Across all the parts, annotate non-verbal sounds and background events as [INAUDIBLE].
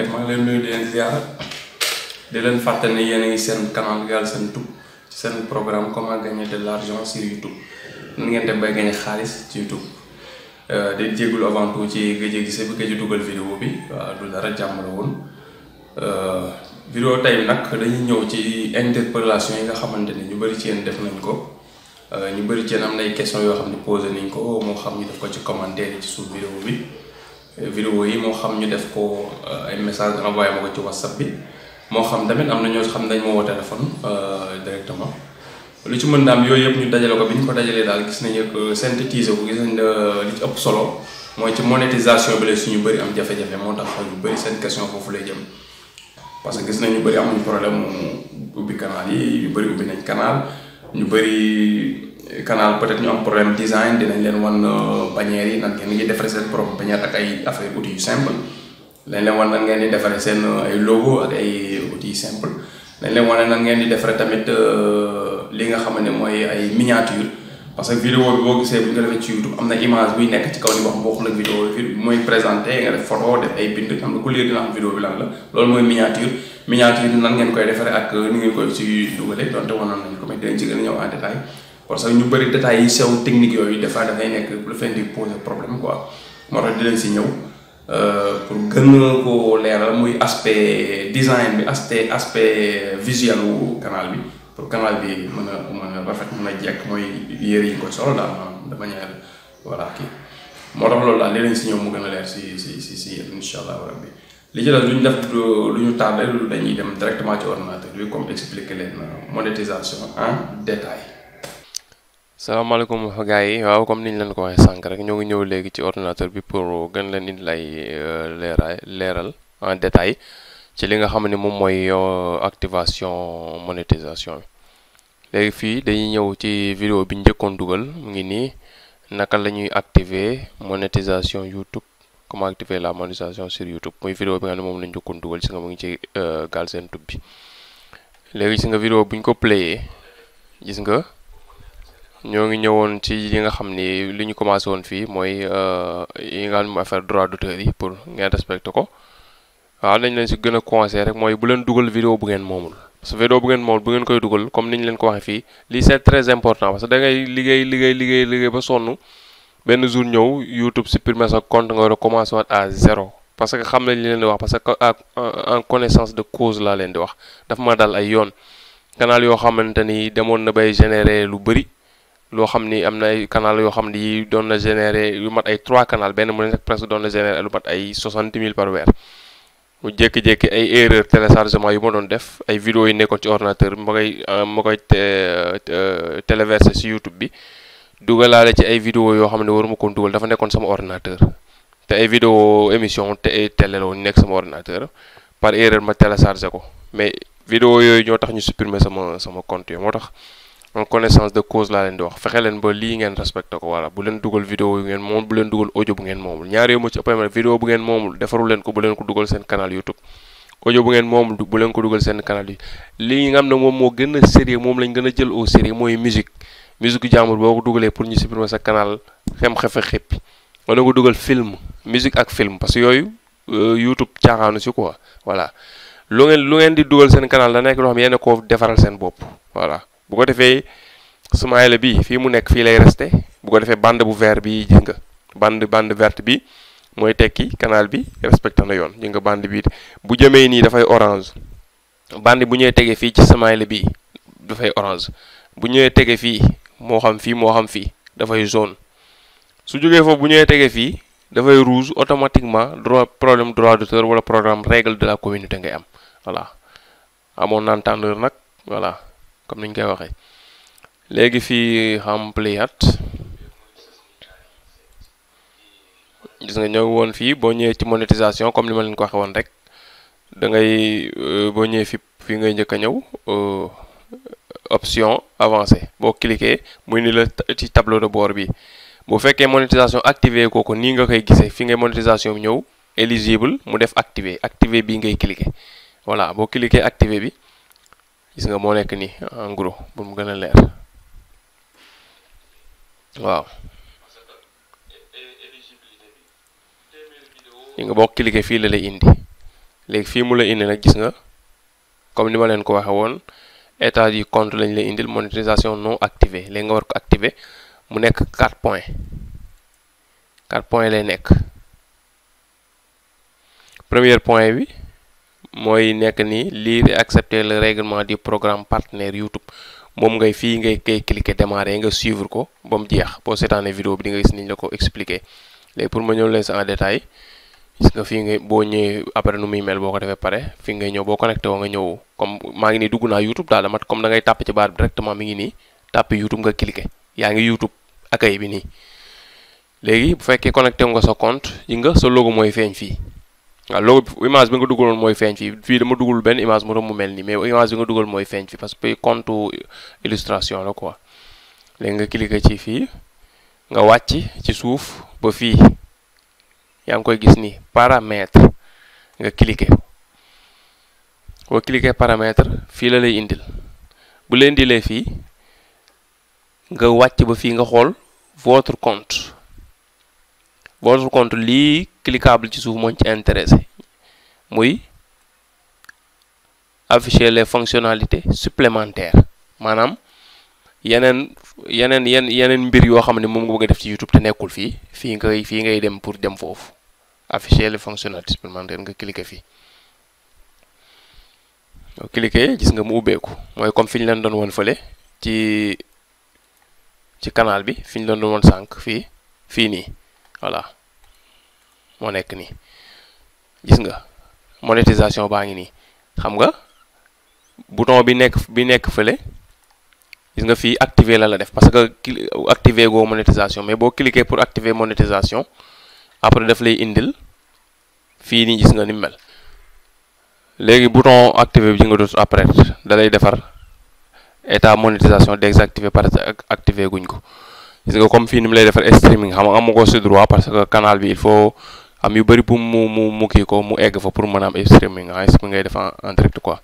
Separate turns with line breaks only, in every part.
def ngi leen nuyu di leen de leen fàttali ne yéen a ngi seen canal Galsen Tube ci seen programme comment gagner de l'argent sur YouTube nu ngeen def bay gagner xaalis ci YouTube euh, di jégalu avant tout ci gëj a bi gëj dugal vidéo bi waaw du dara jàmm la woon. Euh, vidéo tey nag dañu ñëw ci interpellation yi nga xamante ni ñu bëri ci yéen def nañ ko euh, ñu bëri ci yéen am nay question yoo xam ne posé nañ ko moo xam ñu def ko ci commentaire yi ci suuf vidéo bi. vidéo yi moo xam ñu def ko euh, ay message envoyé ma ko ci whatsapp bi moo xam tamit am na ñoo xam dañ ma woo téléphone euh, directement lu ci mën am yooyu yëpp ñu dajale ko bi ñu ko dajalee daal gis nañu que synthétiser ko gis nañ euh, ëpp solo mooy ci monetisation bi la suñu bëri am jafe-jafe moo tax ñu bëri seen question foofu lay jëm parce que gis ñu bëri amuñu problème mu ubbi canal yi yu bëri ubbi nañ canal ñu bëri canal peut-être ñu am problème design dinañ leen wan euh, bannière yi nan ngeen di defaree seen propre bannière ak ay affaire outils yu simple dañ leen wan nan ngeen di defaree seen euh, logo ay outils yu simple dañ leen wan nan ngeen di defaree tamit euh, li nga xam ne mooy ay miniature parce que vidéo bi boo gisee bu ñu ko defee ci YouTube am nekk ci kaw ni wax bokkul ak vidéo bi mooy présenté nga def photo def ay bind xam ne ku lire dina am vidéo bi lan la loolu mooy miniature miniature bi ngeen koy defaree ak ni ngeen koy ci dugalee donte wanoon nañu ko mais dinañ ci gën a ñëw en détail parce que ñu bëri détails yi sew technique yooyu des fois dafay nekk lu fen di problème quoi moo tax di leen si ñëw euh, pour gën a ko leeral muy aspe design bi aspect aspect visuel wu canal bi pour canal bi mën a rafet mën a jekk mooy yére yi ko koy solo daal maanaam de manière voilà kii moo tax loolu daal léeg-léeg si ñëw mu gën a leer si si si si yéen incha allah rabbi li ci def lu ñu def lu ñu tardé lu dañuy dem directement ci ordinateur bi comme expliqué leen euh, monétisation en détail salaamaaleykum gars yi waaw comme niñ leen ko waxee sànq rek ñoo ngi ñëw léegi ci ordinateur bi pour gën leen indi lay euh, leeraay leeral en détail ci li nga xam ne moom mooy euh, activation monétisation bi léegi fii dañuy ñëw ci vidéo bi njëkkoon dugal mu ngi nii naka la ñuy activer monétisation YouTube comment activer la monétisation sur YouTube nga xam moom la njëkkoon dugal si nga mu ngi ci euh, Galsen Tube bi léegi si nga vidéo buñ ko playé gis nga ñoo ngi ñëwoon ci yi nga xam ni li ñu commencé woon fii mooy euh, yi nga xam ne affaire droit d'auteur yi pour ngeen respecté ko waaw nañ leen si gën a conseil rek mooy bu leen dugal vidéo bu ngeen moomul parce que vidéo bu ngeen moomul bu ngeen koy dugal comme ni ñu leen ko waxee fii lii c'est très important parce que da ngay liggéey liggéey liggéey liggéey ba sonn benn jour ñëw YouTube supprimer sa compte nga recommencer waat à zéro parce que xam nañ leen di wax parce que en connaissance de cause laa leen di wax dafa ma dal ay yoon canal yoo xamante ni demoon na bay générer lu bëri loo xam ni am na ay canal yoo xam ne ni doon na générer lu mat ay trois canal benn mu ne nag presque doon na générer lu mat ay soixante mille par weer mu jékki-jékki ay erreur téléchargement yu ma doon def ay vidéo yu nekkoon ci ordinateur ma koy euh, ma koy si YouTube bi dugalaale ci ay vidéo yoo xam ne waruma ko dafa nekkoon sama ordinateur ay vidéo émission te ay télé la woon nekk sama ordinateur par erreur ma téléchargé ko mais vidéo yooyu ñoo tax ñu supprimer sama sama compte yooyu moo tax en connaissance de cause laa leen di wax fexe leen ba lii ngeen respecté ko voilà bu leen dugal vidéo yu ngeen moomul bu leen dugal audio leen leen ko dugal seen canal YouTube ngeen moomul bu leen ko dugal seen canal yi ne moom moo gën a sérieux moom lañ a jël au mooy musique musique jàmbur boo ko dugalee pour ñu supprimer sa canal xem xefe xeppi wala nga dugal film musique ak film parce que yooyu euh, YouTube caaxaanu si quoi voilà lu ngeen lu ngeen di dugal seen canal da nekk loo xam yéen a defaral seen bopp voilà bu ko defee Soumaïla bi fii mu nekk fii lay reste bu ko defee bande bu vert bi gis nga bande bande verte bi mooy tekki kanaal bi respecté na yoon gis nga bande bi bu jëmee nii dafay orange bande bu ñëwee tegee fii ci Soumaïla bi dafay orange bu ñëwee tege fii moo xam fii moo xam fii dafay jaune su jógee foofu bu ñëwee tege fii dafay rouge automatiquement droit problème droit d'auteur wala programme règle de la communauté ngay am voilà amoon naan tànneur nag voilà comme ñu koy waxee léegi fii ampliat gis nga ñëw woon fii boo ñëwee ci monétisation comme li ma leen ko waxee woon rek da ngay euh, boo ñëwee fi fii ngay njëkk a ñëw euh, option avancée boo cliquer muy ni la ci tableau de bord bi bu fekkee monétisation activée kooku nii nga koy gisee fii ngay monétisation ñëw éligible mu def activé activé bii ngay cliquer voilà boo cliquer activé bi gis nga moo nekk nii en gros pour mu gën a leer waaw li nga bokk cliquer fii la lay indi léegi fii mu la indi nag gis nga comme ni ma leen ko waxee woon état du compte lañ lay indil monétisation non activer léegi nga war ko activer mu nekk quatre points 4 points lay nekk premier point bi. mooy nekk ni lire et accepter le règlement du programme partenaire YouTube moom ngay fii ngay koy cliquer démarrer nga suivre ko ba mu jeex boo seetaanee vidéo bi di nga gis niñ la ko expliquer léegi pour ma ñëw leen sa en boo ñëwee après nu muy mel boo ko defee pare fii ngay ñëw boo connecté woo ñëw comme maa ngi nii dugg naa YouTube daal dama comme da ngay tàpp ci baat bi directement mi ngi nii tàpp YouTube nga cliquer yaa ngi YouTube accueil bi nii bu fekkee connecté nga sa compte yi nga sa logo mooy feeñ fii. waaw loolu image bi nga dugaloon mooy feeñ fii fii dama dugal benn image mu doon mu mel nii mais image bi nga dugal mooy feeñ fii parce que compte illustration la quoi léegi nga cliquer ci fii nga wàcc ci suuf ba fii yaa ngi koy gis ni paramètre nga cliquer boo cliquer paramètre fii la lay indil bu leen indilee fii nga wàcc ba fii nga xool votre compte votre compte lii cliquable ci suuf mooñ ci intéressé muy afficher les fonctionnalités supplémentaires maanaam yeneen yeneen yenn yeneen mbir yoo xam ne moom nga bëgg a def ci YouTube te nekkul fii fii ngay fii ngay dem pour dem foofu afficher les fonctionnalités supplémentaires nga cliquer fii boo cliquer gis nga mu ubbeeku mooy comme fi ñu leen doon woon fële ci ci canal bi fi ñu leen doon woon sànq fii fii nii voilà moo nekk nii gis nga monétisation baa ngi nii xam nga buton bi nekk bi nekk fële gis nga fii activer la la def parce que activer goo monétisation mais boo cliquer pour activer monétisation après daf lay indil fii nii gis nga ni mel léegi bouton activer bi ji nga dootu après defar état monétisation désactivé parce que activer guñ ko gis nga comme fii ni lay defar streaming xam nga amu ci droit parce que canal bi il faut am yu bëri pour mu mu mu kii ko mu egg fa pour mën a am streaming ah streaming ngay def en direct quoi.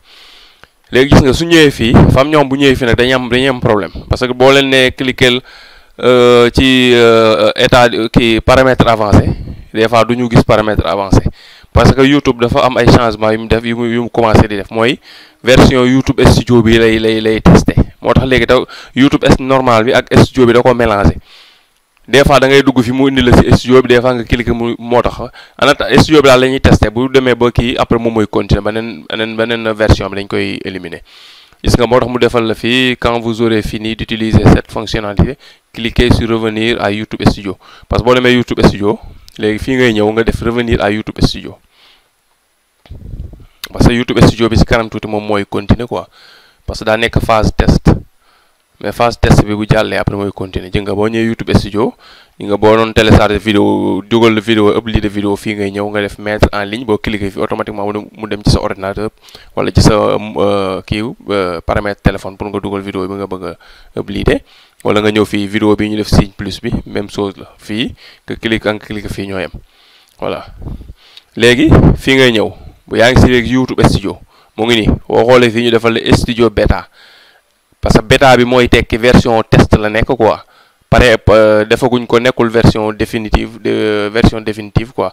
léegi gis nga su ñëwee fii fam ñoom bu ñëwee fii nag dañu am dañuy am problème parce que boo leen nee cliquer euh, ci euh, état kii paramètre avancé des fois du ñu gis paramètre avancé parce que YouTube dafa am ay changement yu mu def yu mu yu mu commencé di def mooy version YouTube studio bi lay lay lay testé moo tax léegi taw YouTube est normal bi ak studio bi da ko mélangé des fois da ngay dugg fi mu indi la si studio bi des fois nga cliquer moo tax en attendant studio bi daal la ñuy bu demee ba kii après moom mooy continuer beneen beneen beneen version bi dañ koy éliminer gis nga moo tax mu defal la fii quand vous aurez fini d'utiliser cette fonctionnalité cliquez sur revenir à YouTube Studio parce que boo demee YouTube Studio léegi fi ngay ñëw nga def revenir à YouTube Studio parce que YouTube Studio bi si kanam tuuti moom mooy continuer quoi parce que daa nekk phase test mais phase test bi bu jàllee après mooy continuer jë nga boo ñëwee YouTube studio yi nga boo doon télécharger vidéo dugal vidéo upload de vidéo fii ngay ñëw nga def mettre en ligne boo cliquer fii automatiquement mu dem ci sa ordinateur wala ci sa euh, kii euh, paramètre téléphone pour nga dugal vidéo bi nga bëgg a uploader wala nga ñëw fii vidéo bi ñu def signe plus bi même chose la fii nga cliquer nga cliquer fii ñoo yem voilà léegi fii ngay ñëw yaa ngi si léegi YouTube studio mu ngi nii boo xoolee fii ñu defal la beta parce que bêta bi mooy tekki version test la nekk quoi pare euh, defaguñ ko nekkul version définitive de euh, version définitive bu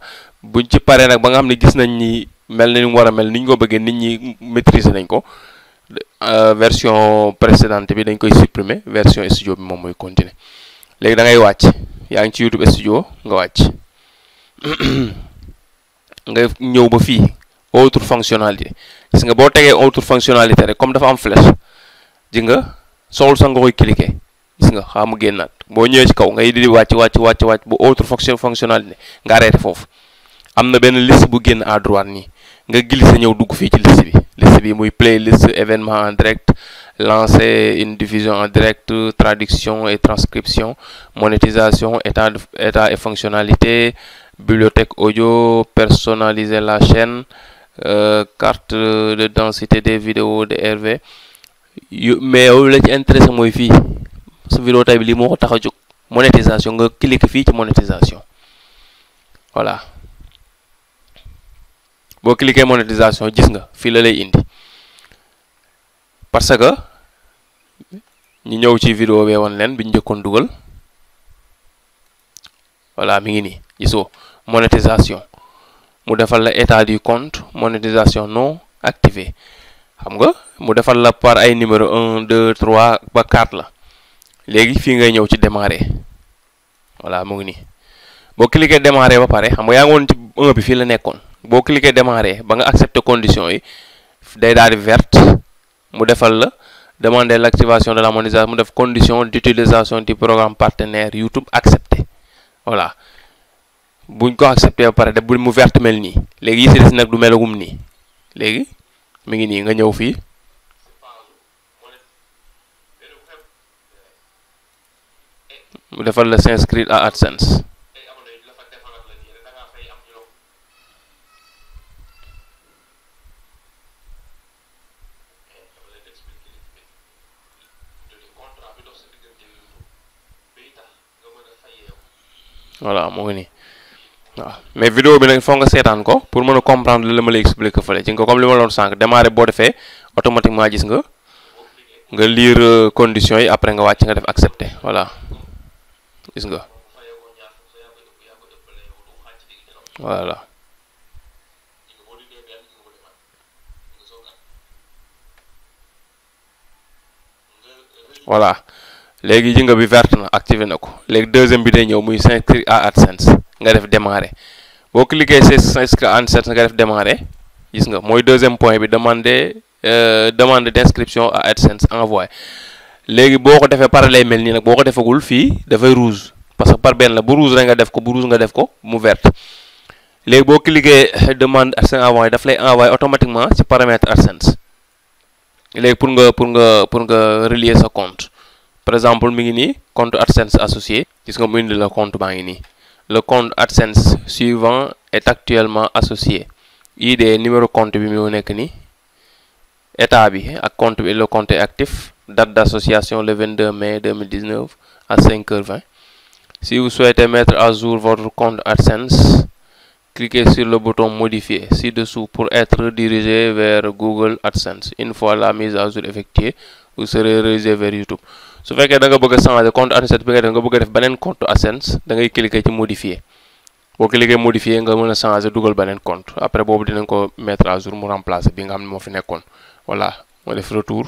buñ ci paree nag ba nga xam ne gis nañ ni mel na ni mu war a mel ni ñu ko bëggee nit ñi maîtriser nañ ko euh, version précédente bi dañ koy supprimer version studio bi moom mooy continuer léegi da ngay wàcc yaa ngi ci YouTube studio nga wàcc [CLEARS THROAT] nga ñëw ba fii autre fonctionnalité gis nga boo tegee autre fonctionnalité rek comme dafa am flèche ji nga soxla sa nga koy cliquer gis nga xaa mu génnaat boo ñëwee ci kaw ngay di wàcc wàcc wàcc wàcc bu autre fonction fonctionnalité nga arrêté foofu am na benn liste bu génn à droite nii nga sa ñëw dugg fii ci liste bi liste bi muy playlist événement en direct lancer une division en direct traduction et transcription monétisation état état et fonctionnalité bibliothèque audio personnaliser la chaîne euh, carte de densité des vidéos de RV yu mais la ci intéressé mooy fii sa vidéo tay bi lii moo tax a jóg monétisation nga clique fii ci monétisation voilà boo cliquer monétisation gis nga fii la lay indi parce que ñu ñëw ci vidéo bee woon leen bi ñu njëkkoon dugal voilà mi ngi nii gisoo monétisation mu defal la état du compte monétisation non activée xam nga mu defal la par ay numéro un de trois ba quatre la léegi fii ngay ñëw ci démarrer voilà mu ngi nii boo cliquer démarrer ba pare xam nga yaa ngi woon ci un bi fii la nekkoon boo cliquer démarrer ba nga accepter condition yi day daal di verte mu defal la demander l'activation de la monétisation mu def condition d'utilisation du programme partenaire YouTube accepté voilà buñ ko accepté ba pare def bu mu verte mel nii léegi yi si des nag du léegi mi ngi nii nga ñëw fii mu defal la s'inscrire à AdSense voilà mu ngi nii waaw mais vidéo bi nag foog nga seetaan ko pour mën a comprendre la ma lay expliquer fële ci nga comme li ma loon sànq démarrer boo defee automatiquement gis nga nga lire euh, conditions yi après nga wàcc nga def accepter voilà gis nga voilà voilà léegi ji bi verte na activé na ko léegi deuxième bi day ñëw muy s'inscrire à AdSense nga def démarrer boo cliquer s'inscrire en search nga def démarrer gis nga mooy deuxième point bi demander euh, demande d'inscription à AdSense envoyé léegi boo ko defee pare lay mel nii nag boo ko defagul fii dafay rouge parce que par benn la bu rouge rek nga def ko bu rouge nga def ko mu verte léegi boo cliquer [LAUGHS] demande AdSense envoyé daf lay envoyé automatiquement ci paramètre AdSense léegi pour nga pour nga pour nga relier sa compte par exemple mi ngi nii compte AdSense associé gis nga mu la compte baa ngi nii le compte AdSense suivant est actuellement associé id numéro compte bi mu nekk ni état bi ak compte bi le compte actif date d'association le 22 mai 2019 à 5h20 si vous souhaitez mettre à jour votre compte AdSense cliquez sur le bouton modifier ci-dessous pour être dirigé vers Google AdSense une fois la mise à jour effectuée vous serez redirigé vers YouTube su fekkee da nga bëgg a changer compte AdSense bi nga def nga bëgg a def beneen compte AdSense da ngay cliquer ci modifier boo cliquer modifier nga mën a changer dugal beneen compte après boobu dinañ ko metre à jour mu remplacer bi nga xam ne moo fi nekkoon voilà moo def retour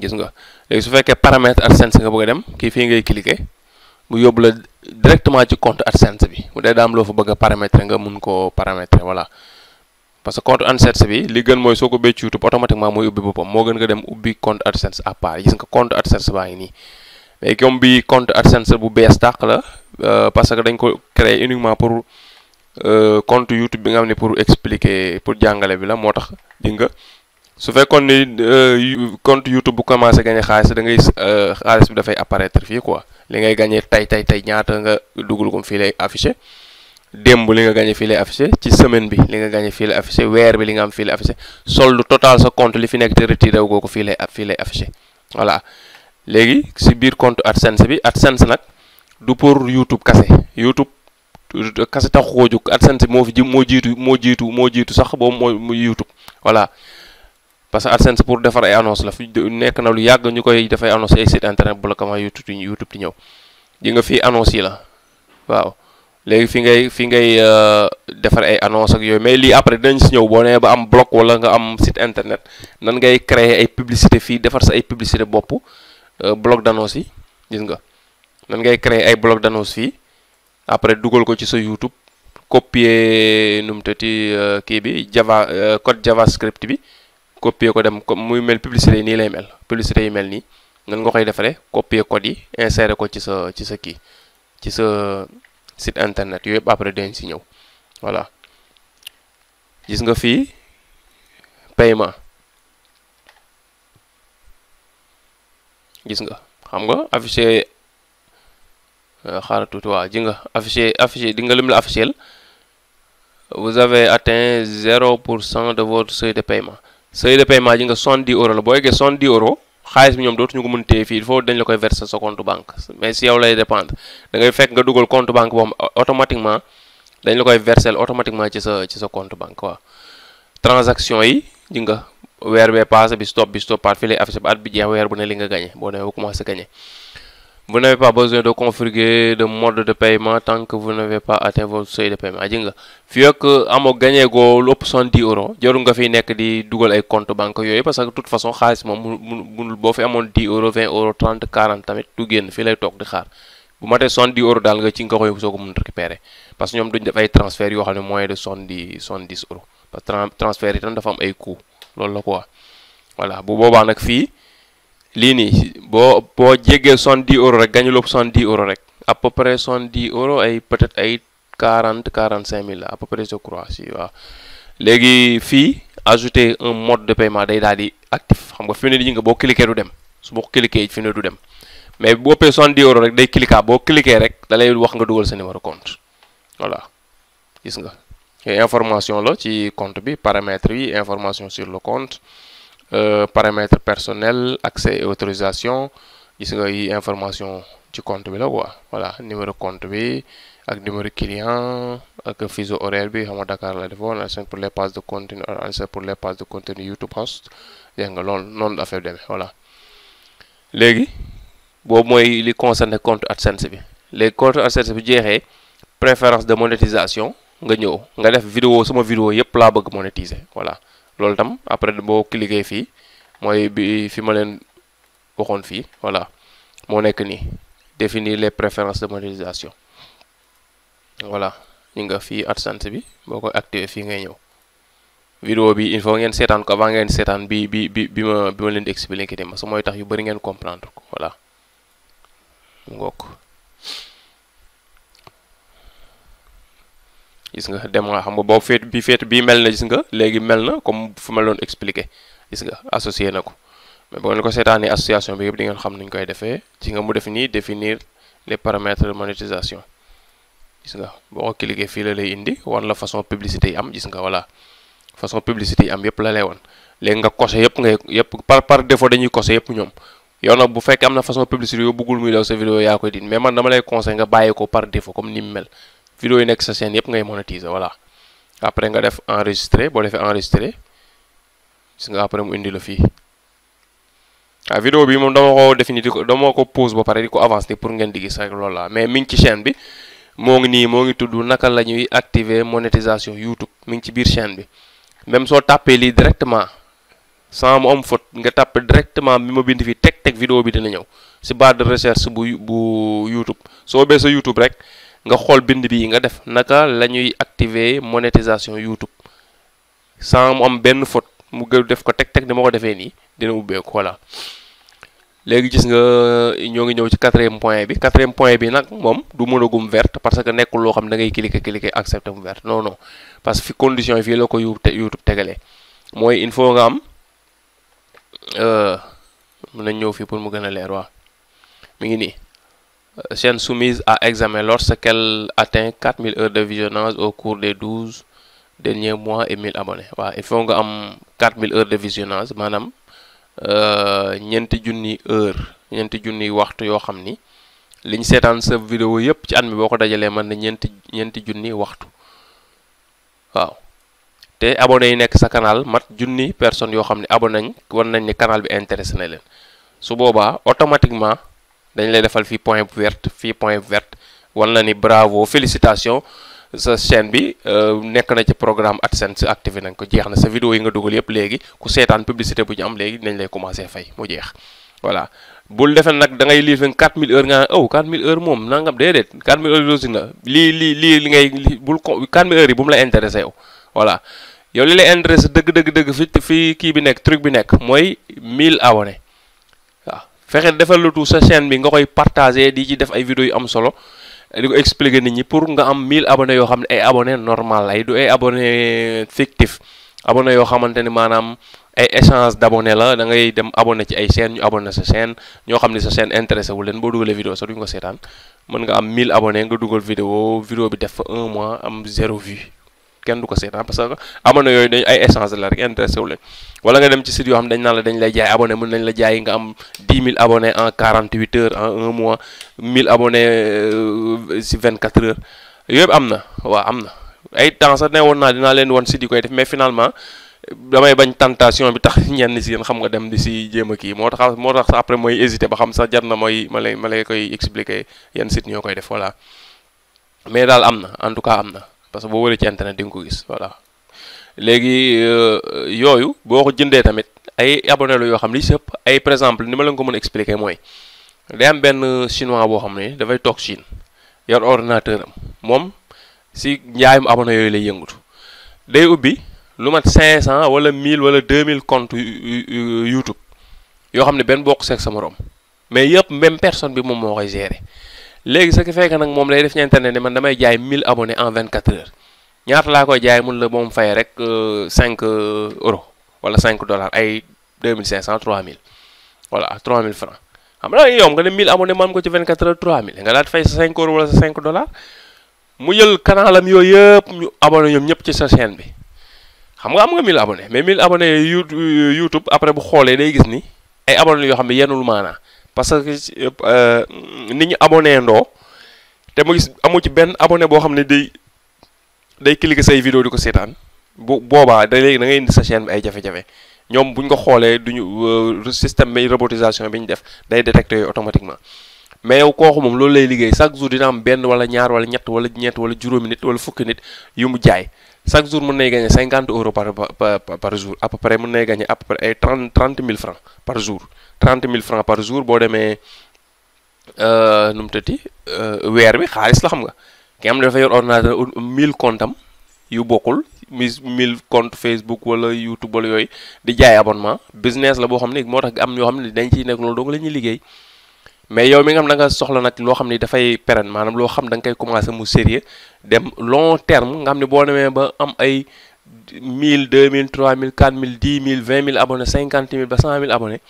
gis nga léegi su fekkee paramètre AdSense nga bëgg a dem kii fii ngay cliquer mu yóbbu la directement ci compte AdSense bi mu dee daam loo fa bëgg a nga mun koo paramétrer voilà parce que compte AdSense bi li gën mooy soo ko béy ci YouTube automatiquement mooy ubbi boppam moo gën nga dem ubbi compte AdSense à part gis nga compte AdSense baa ngi nii mais comme bi compte AdSense bu bees tàq la euh, parce que dañ ko créer uniquement pour euh, compte YouTube bi nga xam ne pour expliquer pour jàngale bi la moo tax di nga su fekkoon ni euh, compte YouTube bu commencé gagné xaalis dangay ngay xaalis bi dafay apparaître fii quoi li ngay gañee tey tey tey ñaata nga dugal ko fii lay affiché. démb li nga gagné fii lay affiché ci semaine bi li nga gagné fii lay affiché weer bi li nga am fii lay affiché solde total sa compte li fi nekk te retiré wu ko fii lay fii lay voilà léegi si biir compte AdSense bi AdSense nag du pour YouTube kase YouTube euh, kase tax koo jóg AdSense bi moo fi ji moo jiitu moo jiitu moo jiitu sax boobu moo YouTube voilà parce que AdSense pour defar ay annonce la fi nekk na lu yàgg ñu koy dafay annonce ay site internet bu la ko ma YouTube YouTube di ñëw di nga fii annonce la waaw léegi fi ngay fi ngay euh, defar ay annonce ak yooyu mais lii après dinañ si ñëw boo nee ba am blog wala nga am site internet nan ngay créer ay publicité fii defar sa ay publicité bopp euh, blog d'annonce yi gis nga nan ngay créer ay blog d'annonce fii après dugal ko ci sa YouTube copier nu mu tëti euh, kii bi java code javascript bi copier ko dem comme muy mel publicité yi nii lay mel publicité yi mel nii nan nga koy defaree copier code yi insérer ko ci sa ci sa kii ci sa site internet yooyu yëpp après dañ si ñëw voilà gis nga fii paiement gis nga xam nga affiché euh, xaaral tuuti waaw ji nga affiché affiché di nga lim la affiché vous avez atteint zéro pour cent de votre seuil de paiement seuil de paiement ji nga soixante-dix euros la boo yeggee soixante-dix euros xaalis bi ñoom dootuñu ko mën téye fii il faut dañ la koy verser sa compte banque mais si yow lay dépendre da fekk nga dugal compte banque boo xam automatiquement dañ la koy verser automatiquement ci sa sa compte banque waaw transaction yi ji nga weer bee passé bi stop bi stop par fii lay affiché ba at bi jeex weer bu ne li nga gagné boo demee ba commencé gagné vous n'avez pas besoin de configurer de mode de paiement tant que vous n'avez pas atteint paiement aji nga fii ak amoo lu ëpp soixante-dix euros jarul nga fiy nekk di dugal ay compte banque yooyu parce que de toute façon xaalis moom mu munul boo fi amoon dix euros vingt euros trente quarante tamit du génn fii lay toog di xaar bu matee soixante-dix euros daal nga ci nga koy soo ko mun récupérer parce que ñoom duñ def ay yoo xam ne moyen de soixante lii nii boo boo jegee soixante di euros rek gañu lopp soixante di euros rek à peu près soixante-dix euros ay peut-être ay quarante quarante-cinq mille la à peu près je crois waaw léegi fii ajouter un mode de paiement day daal di actif xam nga fi ne nii nga boo cliquer du dem su boo ko cliquer fi ne du dem mais boo payé soixante-dix euros rek day cliquer boo cliquer rek da wax nga dugal sa numéro compte voilà gis nga information la ci compte bi paramètres yi information sur le compte Euh, paramètre personnels accès et autorisation gis nga information ci compte bi la quoi voilà numéro compte bi ak numéro client ak fuseau horaire bi xam nga Dakar la defoon AdSense pour les pages de contenu AdSense pour les pages de contenu YouTube host dégg nga loolu noonu la fa demee voilà léegi boobu mooy li concerné compte AdSense bi léegi compte AdSense bi jeexee préférence de monétisation nga ñëw nga def vidéo sama vidéo yëpp laa bëgg monétiser voilà. loolu tam après boo cliquer fii mooy bi fi ma leen waxoon fii voilà moo nekk nii définir les préférences de modélisation voilà ñu nga fii AdSense bi boo ko activer fii ngay ñëw vidéo bi il faut ngeen seetaan ko baa ngeen seetaan bi bi bi bi ma bi ma leen di expliquer parce mooy tax yu bari ngeen comprendre ko voilà ngook gis nga dem nga xam nga boo féet bi féet bii mel na gis nga léegi mel na comme fu ma loon expliqué gis nga associé na ko mais boo ngeen ko seetaanee association bi yëpp di ngeen xam ni ñu koy defee ci nga mu def nii définir les paramètres de monétisation gis nga boo ko cliqué fii la lay indi wan la façon publicité yi am gis nga voilà façon publicité yi am yëpp la lay wan léegi nga coché yëpp ngay yëpp par par défaut dañuy coché yëpp ñoom yow nag bu fekkee na façon publicité yoo bëggul mel vidéo yi nekk sa chaîne yëpp ngay monétiser voilà après nga def enregistrer boo defee enregistrer gis nga après mu indi la fii waaw ah, vidéo bi moom dama ko définir di ko dama ko pose ba pare di ko avancer pour ngeen di gis rek loolu la mais mi ngi ci chaîne bi moo ngi nii moo ngi tudd naka la ñuy activer monetisation YouTube mi ngi ci biir chaîne bi même soo tàppee lii directement sans mu am faute nga tàppe directement bi ma bind fii teg teg vidéo bi dina ñëw si barre de recherche bu bu YouTube soo bee sa YouTube rek nga xool bind bi nga def naka la ñuy activer monétisation YouTube sans mu am benn faute mu gën def ko teg teg ni ma ko defee nii dina ubbeeku voilà léegi gis nga ñoo ngi ñëw ci quatrième point bi quatrième point bi nag moom du mën a gum parce que nekkul loo xam da ngay cliquer cliquer accepter mu verte non non parce que fi condition yi fii la ko YouTube tegalee mooy il faut nga am euh, mën nañ ñëw fii pour mu gën a leer waaw mi ngi nii. chaîne soumise à examen lorsqu'elle atteint 4000 heures de visionnage au cours des 12 derniers mois et 1000 abonnés waa il faut nga am 4000 heures de visionnage maanaam euh, ñeenti junni heure ñeenti junni waxtu yoo xam ni liñ seetaan sa vidéo yëpp ci at mi boo ko dajalee mën na ñeenti ñeenti junni waxtu waaw te abonné yi nekk sa canal mat junni personnes yoo xam ne abonné nañ war nañ ni canal bi intéressé na leen su booba dañ lay defal fii point verte fii point verte wan la ni bravo félicitation sa chaîne bi euh, nekk na ci programme AdSense activé nañ ko jeex na sa vidéo yi nga dugal yëpp léegi ku seetaan publicité bu ñu am léegi dañ lay commencé fay mu jeex voilà bul defee nag da ngay lii fen 4000 heures nga aw 4000 heures moom nangam déedéet 4000 heures losi na lii lii lii li ngay bul ko 4000 heures yi bu mu la intéressé yow voilà yow li lay intéressé dëgg dëgg dëgg fi fi kii bi nekk truc bi nekk mooy 1000 abonnés fexeel defal la tout sa chaîne bi nga koy partager di ci def ay vidéo yu am solo di ko expliquer nit ñi pour nga am mille abonnés yoo xam ne ay abonnés normal ay du ay abonnés fictif abone yoo xamante ni maanaam ay échange d'abonnés la dangay ngay dem abonné ci ay chaîne ñu abonné sa chaîne ñoo xam ne sa chaîne intéressé wu leen boo dugalee vidéo sax duñ ko seetaan mën nga am 1000 abonnés nga dugal vidéo vidéo bi def fa un mois am zéro vue kenn du ko seetaan parce que abonné yooyu dañ ay échange la rek intéressé wu leen wala nga dem ci site yoo xam dañ naan la nga am 10 000 abonnés en 48 heures en un mois 1000 abonnés euh, si 24 heures yëpp am na waaw am na ay temps ne woon naa dinaa leen woon site yi koy def mais finalement damay bañ tentation bi tax [LAUGHS] ñenn si yéen xam nga dem di si jéem a kii moo tax moo tax après mooy hésité ba xam sax jar na mooy ma lay ma lay koy expliquer yenn site ñoo koy def voilà mais daal am na en tout cas am na parce que boo wëree ci internet di nga ko gis voilà léegi euh, yooyu boo ko jëndee tamit ay abonné yoo xam li si ay par exemple ni ma leen ko mën a expliquer mooy day am benn chinois boo xam ne dafay toog Chine yor ordinateur am moom si njaayum abonné yooyu lay yëngatu day ubbi lu mat 500 wala 1000 wala 2000 comptes YouTube yoo xam ne benn bokk seeg sa morom mais yëpp même personne bi moom moo koy gérer. léegi su fekkee nag moom lay def ci internet ne man damay jaay 1000 abonnés en 24 heures ñaata laa koy jaay mun la moom fay rek cinq euros wala cinq dollars ay 2500 3000 voilà 3000 francs xam nga yow nga ne 1000 abonnés man ko ci 24 heures 3000 nga daal fay sa 5 euros wala sa 5 dollars mu jël kanalam yooyu yëpp ñu abonné ñoom ñëpp ci sa chaîne bi xam nga am nga 1000 abonnés mais 1000 abonnés YouTube après bu xoolee day gis ni ay abonnés yoo xam ne yenul maanaa parce que euh, nit ñi abonné ndoo te mu gis amu ci benn abone boo xam ne day day cliquer say vidéo di ko seetaan bu boobaa da léegi da ngay indi sa chaîne bi ay jafe-jafe ñoom buñ ko xoolee duñu euh, système bi robotisation bi ñu def day détecté yooyu automatiquement mais yow kooku moom loolu lay liggéey chaque jour dina am benn wala ñaar wala ñett wala ñeent wala juróomi nit wala fukki nit yu mu jaay chaque jour mën nay gagné cinquante euros par par par jour à peu mën nay gagné à peu près mille francs par jour trente mille francs par jour boo demee euh, nu mu tëddi euh, weer bi xaalis la xam nga ki am na dafa yor ordinateur mille compte am yu bokkul mis mille compte Facebook wala YouTube wala yooyu di jaay abonnement business la boo xam ne moo tax am yoo xam ne dañ ciy nekk loolu dong la ñuy liggéey. mais yow mi nga xam da soxla nag loo xam ni dafay pérenne maanaam loo xam da nga koy commencé mu sérieux dem long terme nga xam ne boo demee ba am ay 1000 2000 3000 4000 10000 20000 abonnés 50000 ba 100000 abonnés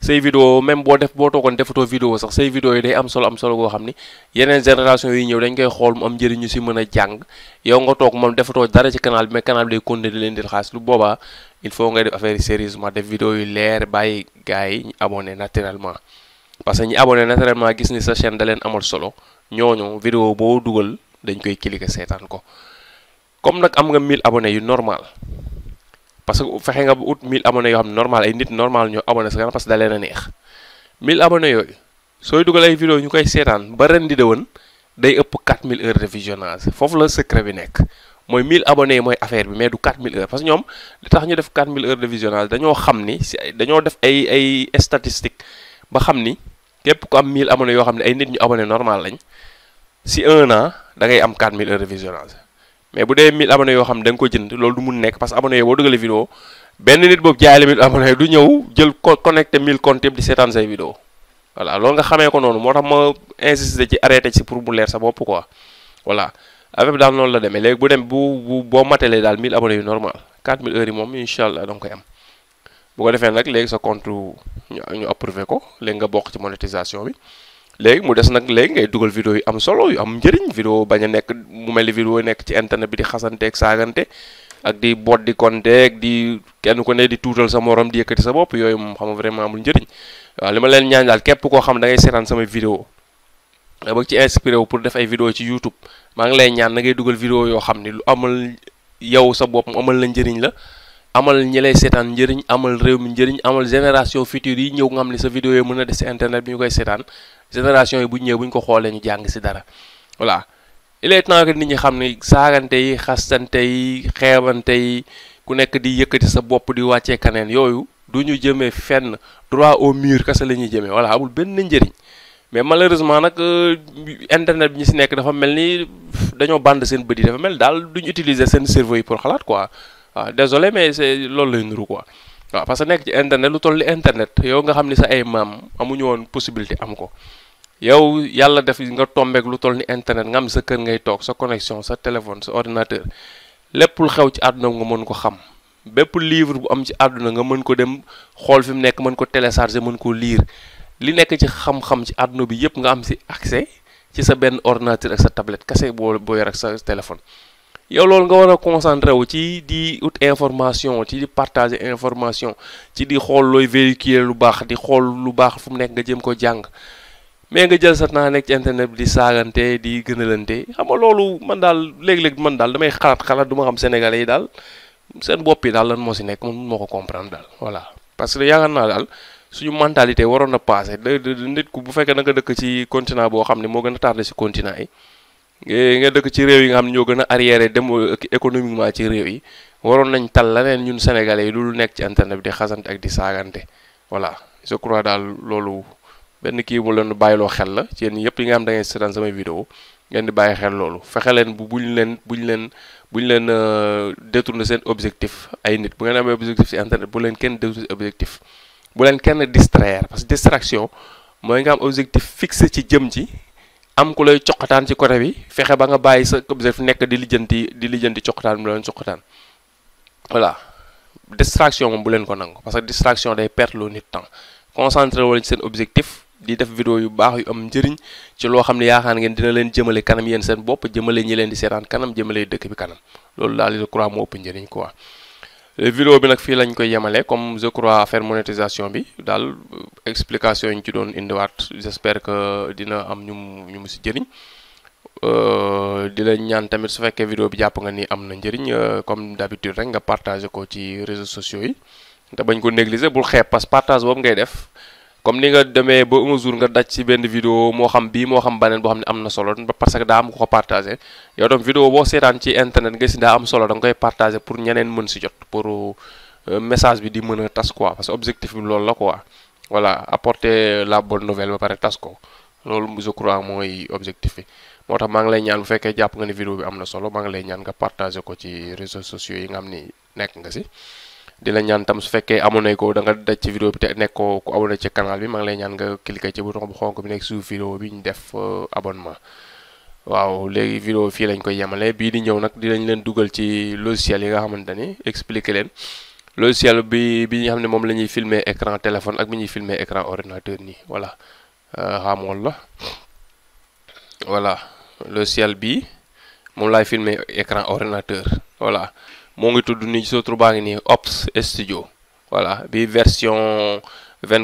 say vidéo même boo def boo toogoon defatoo vidéo sax say vidéo yi day am solo am solo goo xam ni yeneen génération yi ñëw dañ koy xool mu am njëriñ si mën a jàng yow nga toog moom defatoo dara ci canal bi mais canal bi day continuer di leen di xaas lu boobaa il nga def affaire yi sérieusement def vidéo yu leer bàyyi gars yi ñu parce que ñi abonné naturellement gis ni sa chaîne da leen amal solo ñooñu vidéo boo dugal dañ koy cliquer seetaan ko comme nag am nga 1000 abonnés yu normal parce que fexe nga bu ut 1000 abonnés yoo xam normal ay nit normal ñoo abonné sa parce que da leen a neex 1000 yooyu sooy dugal ay vidéo ñu koy seetaan ba ren di day ëpp 4000 heures de visionnage foofu la secret bi nekk mooy 1000 abonnés yi mooy affaire bi mais du 4000 heures parce que ñoom li tax ñu def 4000 heures de visionnage dañoo xam ni si dañoo def ay ay statistiques ba xam ni. képp ku am 1000 abonné yoo xam ne ay nit ñu abonné normal lañ si un an da ngay am 4000 heures de visionnage mais bu dee 1000 abonné yoo xam ne da nga ko jënd loolu du mun nekk parce que abonné boo dugalee vidéo benn nit boobu jaay la 1000 abonné du ñëw jël ko connecté 1000 comptes yëpp di seetaan say vidéo voilà loolu nga xamee ko noonu moo tax ma insister ci arrêté ci pour bu leer sa bopp quoi voilà affaire bi daal noonu la demee léegi bu dem bu bu boo mate daal 1000 abonné yu normal 4000 heures yi moom incha allah da nga koy am ko defee nag léegi sa compte. ñu ñu approuvé ko léegi nga bokk ci monétisation bi léegi mu des nag léegi ngay dugal vidéo yi am solo yu am njëriñ vidéo bañ a nekk mu mel ni vidéo nekk ci internet bi di xasanteeg saagante ak di boot di konteeg di kenn ku ne di tuutal sa morom di yëkkati sa bopp yooyu moom xam vraiment amul njëriñ waaw li ma leen ñaan daal képp koo xam da ngay seetaan samay vidéo nga bëgg ci inspiré wu pour def ay vidéo ci YouTube maa ngi lay ñaan na ngay dugal vidéo yoo xam ni lu amal yow sa bopp mu amal la njëriñ la amal ñi lay seetaan njëriñ amal réew mi njëriñ amal génération future yi ñëw nga am ne sa vidéo yi mën na des si internet bi ñu koy seetaan génération yi bu ñëwee bu ko xoolee ñu jàng si dara voilà il est temps que nit ñi xam ne saagante yi xastante yi xeebante yi ku nekk di yëkkati sa bopp di wàccee kaneen yooyu du ñu jëmee fenn trois au mire kese la ñuy jëmee voilà amul benn njëriñ mais malheureusement nag euh, internet bi ñu si nekk dafa mel ni dañoo bànd seen bët yi dafa mel daal duñu utiliser seen cerveau yi pour xalaat quoi waaw désolé mais c'est loolu lay nuru quoi waaw parce que nekk ci internet lu toll li internet yow nga xam ni sa ay maam amuñu woon possibilité am ko yow yàlla def nga tombeek lu toll ni internet nga am sa kër ngay toog sa connexion sa téléphone sa ordinateur lépp lu xew ci àdduna nga mën ko xam bépp livre bu am ci àdduna nga mën ko dem xool fi mu nekk mën ko télécharger mën ko liir li nekk ci xam-xam ci àdduna bi yépp nga am si accès ci sa benn ordinateur ak sa tablette kese boo boo yor ak sa téléphone yow loolu nga war a concentré wu ci di ut information ci di partager information ci di xool looy véhiculer lu baax di xool lu baax fu mu nekk nga jëm ko jàng mais nga jël sa temps nekk ci internet bi di saagante di gënalante xam nga loolu man daal léeg-léeg man daal damay xalaat xalaat du ma xam sénégal yi daal seen bopp yi daal lan moo si nekk man moo ko comprendre daal voilà. parce que yaakaar naa daal suñu mentalité waroon na passé nit ku bu fekkee na nga dëkk ci continent boo xam ne moo gën a tardé si continent yi. Eh, nga dëkk ci réew yi nga xam ne ñoo gën a arriéré dem euh, économiquement ci réew yi waroon nañ tal leen ñun sénégalais yi lu nekk ci internet bi di xasante ak di saagante voilà je crois daal loolu benn kii mu leen bàyyiloo xel la ci yëpp yi nga xam da ngeen seetaan samay vidéo ngeen bàyyi xel loolu fexe leen bu buñ leen buñ leen buñ leen euh, détourner seen objectif ay nit bu ngeen amee objectif ci internet bu leen kenn détourner objectif bu leen kenn distraire parce que distraction mooy nga am objectif fixé ci jëm ci am ku lay coqataan ci côté bi fexe ba nga bàyyi sa objectif nekk di lijjanti di lijjanti coqataan mu leen coqataan voilà distraction moom bu leen ko nangu parce que distraction day perte loo nit temps concentré wala ci seen objectif di def vidéo yu baax yu am njëriñ ci loo xam ne yaakaar ngeen dina leen jëmale kanam yéen seen bopp jëmale ñi leen di seetaan kanam jëmale dëkk bi kanam loolu daal di crois moo ëpp njëriñ quoi vidéo bi nag fii lañ koy yemale comme je crois affaire monétisation bi daal euh, explication yi ñu ci doon indiwaat j'espère que dina am ñu mu ñu mu si jëriñ euh, di la ñaan tamit su fekkee vidéo bi jàpp nga ni am na njëriñ euh, comme d'habitude rek nga partager ko ci réseau sociaux yi te bañ ko négliger bul xeeb parce que partage boobu ngay def comme ni nga demee ba un jour nga daj si benn vidéo moo xam bii moo xam baneen boo xam ne am na solo parce que daa am ko ko partagé yow tam vidéo boo seetaan ci internet nga si daa am solo danga nga koy partagé pour ñeneen mën si jot pour euh, message bi di mën a tas quoi parce que objectif bi loolu la quoi voilà apporter la bonne nouvelle ba pare tas ko loolu je crois mooy objectif bi moo tax maa ngi lay ñaan bu fekkee jàpp nga ne vidéo bi am na solo maa ngi lay nga partagé ko ci réseaux sociaux yi nga xam ni nekk nga si dina la ñaan tam su fekkee amoon nañ ko da nga daj ci vidéo bi te nekkoo ku abonné ci canal bi ma ngi lay ñaan nga cliquer ci bouton bu xonk bi nekk suuf vidéo bi ñu def euh, abonnement waaw léegi vidéo fii lañ koy yemale bii di ñëw nag dinañ leen dugal ci logiciel yi nga xamante ni expliquer leen logiciel bi bi ñu xam ne moom la ñuy filmer écran téléphone ak bi ñuy filmer écran ordinateur nii voilà xamoon euh, la voilà logiciel bi moom laay filmer écran ordinateur voilà moo ngi tudd ni soo baa ngi nii Ops Studio voilà bi version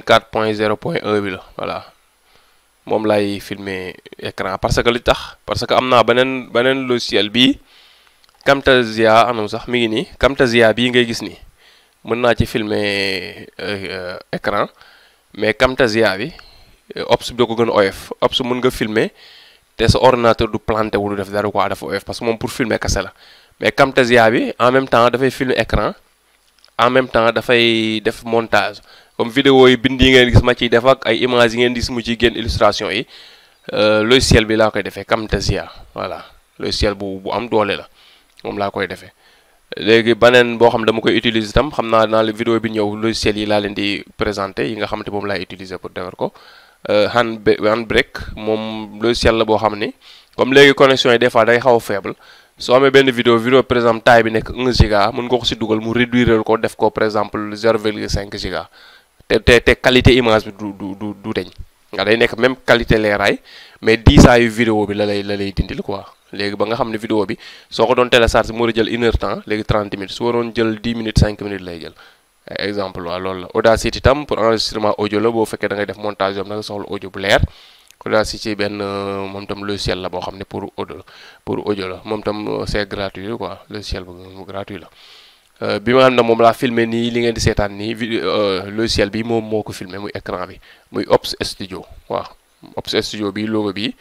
quatre point 0 point 1 bi la voilà moom lay filmer écran parce que li tax parce que am naa beneen beneen logiciel bii Camtasia anam ah sax mi ngi nii Camtasia bii ngay gis nii mën naa ci filmer euh, écran mais Camtasia bi euh, Ops bi da ko gën a oyof Ops mën nga filmer te sa ordinateur du planté wu du def dara quoi dafa oyof parce que moom pour filmer kese la. mais Camtasia bi en même temps dafay filmer écran en même temps dafay def montage comme vidéo yi bind yi ngeen gis ma ci def ak ay images yi ngeen di gis mu ciy génn illustration yi euh, logiciel bi laa koy defee Camtasia voilà logiciel bu bu am doole la moom laa koy defee. léegi beneen boo xam dama koy utiliser tam xam naa naa la vidéo bi ñëw logiciel yi laa leen di présenter yi nga xam xamante moom laay utiliser pour defar ko euh, hand handbrake moom logiciel la boo xam ni comme léegi connexion yi des fois day xaw a faible. soo amee benn vidéo vidéo par exemple taille bi nekk 1 giga mën nga ko si dugal mu réduire ko def ko par exemple 0,5 giga te te te qualité image bi du du du du deñ nga day nekk même qualité leeraay mais diisaayu vidéo bi la lay la lay dindil quoi léegi ba nga xam ne vidéo bi soo ko doon télécharge mu war a jël une heure temps léegi 30 minutes su waroon jël 10 minutes 5 minutes lay jël exemple waaw loolu la Audacity tam pour enregistrement audio boo fekkee da def montage yom na nga bu leer Audacity ci benn euh, moom tam logiciel la boo xam ne pour audio pour audio la moom tam euh, c'est gratuit quoi logiciel bu gratuit la. Euh, bi ma xam ne moom laa filmé nii li ngeen di seetaan nii logiciel bi moom moo ko filmé muy écran bi muy Ops Studio waaw Ops Studio bi logo bi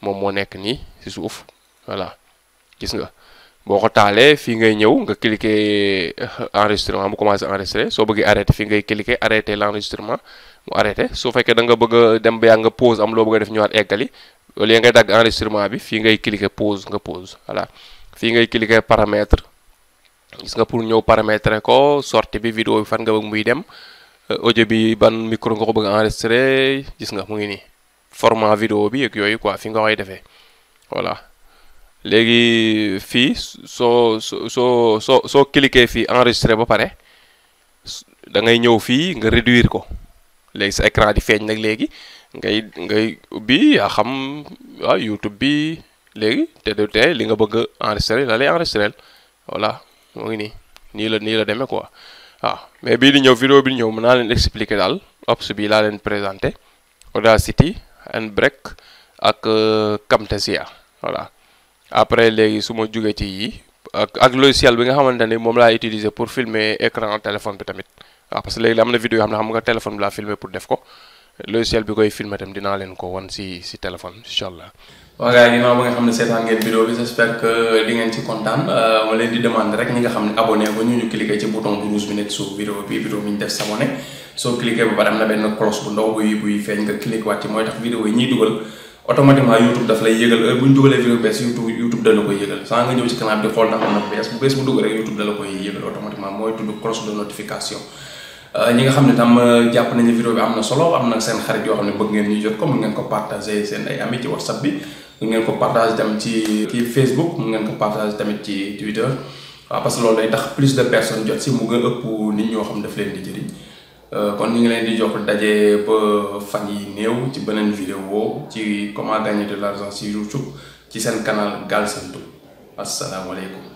moom moo nekk nii ci suuf voilà gis nga. boo ko taalee fii ngay ñëw nga cliquer euh, enregistrement mu commencé enregistrer soo bëggee arrêter fii ngay cliquer arrêter l'enregistrement mu arrêter su fekkee da nga bëgg a dem ba yaa nga pause am loo bëgg a def ñëwaat eggali au lieu ngay dagg enregistrement bi fii ngay cliquer pause nga pause voilà fii ngay cliquer paramètre gis nga pour ñëw paramètre ko sortie bi vidéo bi fan nga bëgg muy dem euh, audio bi ban micro nga ko bëgg enregistrer gis nga mu ngi nii format vidéo bi ak yooyu quoi fi nga koy defee voilà. léegi fii soo soo soo soo cliquer fii enregistrer ba pare dangay ñëw fii nga réduire ko léegi sa écran di feeñ nag léegi ngay ngay ubbi yaa xam waaw YouTube bi léegi te du te li nga bëgg a enregistrer la lay enregistrer voilà moo ngi nii nii la nii la demee ko waaw mais bii di ñëw vidéo bi ñëw mën naa leen expliquer daal ops bii laa leen présenté Audacity and break ak euh, Camtasia voilà. après léegi su ma jugee ci yi ak ak logiciel bi nga xamante ni moom laa utiliser pour filmer écran téléphone bi tamit waaw parce que léegi am na vidéo yoo xam ne nga téléphone bi laa pour def ko logiciel bi koy filmer tamit dinaa leen ko wan si si téléphone incha allah.
waaw gars yi ginnaaw ba nga xam ne
seetaan ngeen bi j'espère que di ngeen ci kontaan euh, ma leen di demander rek ñi nga xam ne abonné ba ñu ñu cliquer ci bouton bu bi nekk suuf vidéo bi vidéo bi def s'abonner soo cliquer ba pare am na benn cloche bu ndaw buy buy feeñ nga cliquer waat mooy tax vidéo yi ñuy dugal. automatiquement YouTube daf lay yëgal heure bu ñu dugalee vidéo bees YouTube YouTube dala koy yëgal sans nga ñëw ci canal di xool na bees bu bees bu dugg YouTube dala koy yëgal automatiquement mooy tudd cross de notification euh, ñi nga xam ne tam euh, jàpp nañu vidéo bi am na solo am na seen xarit yoo xam ne bëgg ngeen ñu jot ko mun ngeen ko partager seen ay amis ci WhatsApp bi mun ngeen ko partager tamit ci Facebook mun ngeen ko partager tamit ci Twitter waaw parce que loolu day tax plus de personnes jot si mu gën a ëpp nit ñoo xam Euh, kon ñu ngi leen di jox daje ba fan yi néew ci beneen vidéo ci comment gagner de l'argent sur YouTube ci seen canal Galsen Tube asalaamaaleykum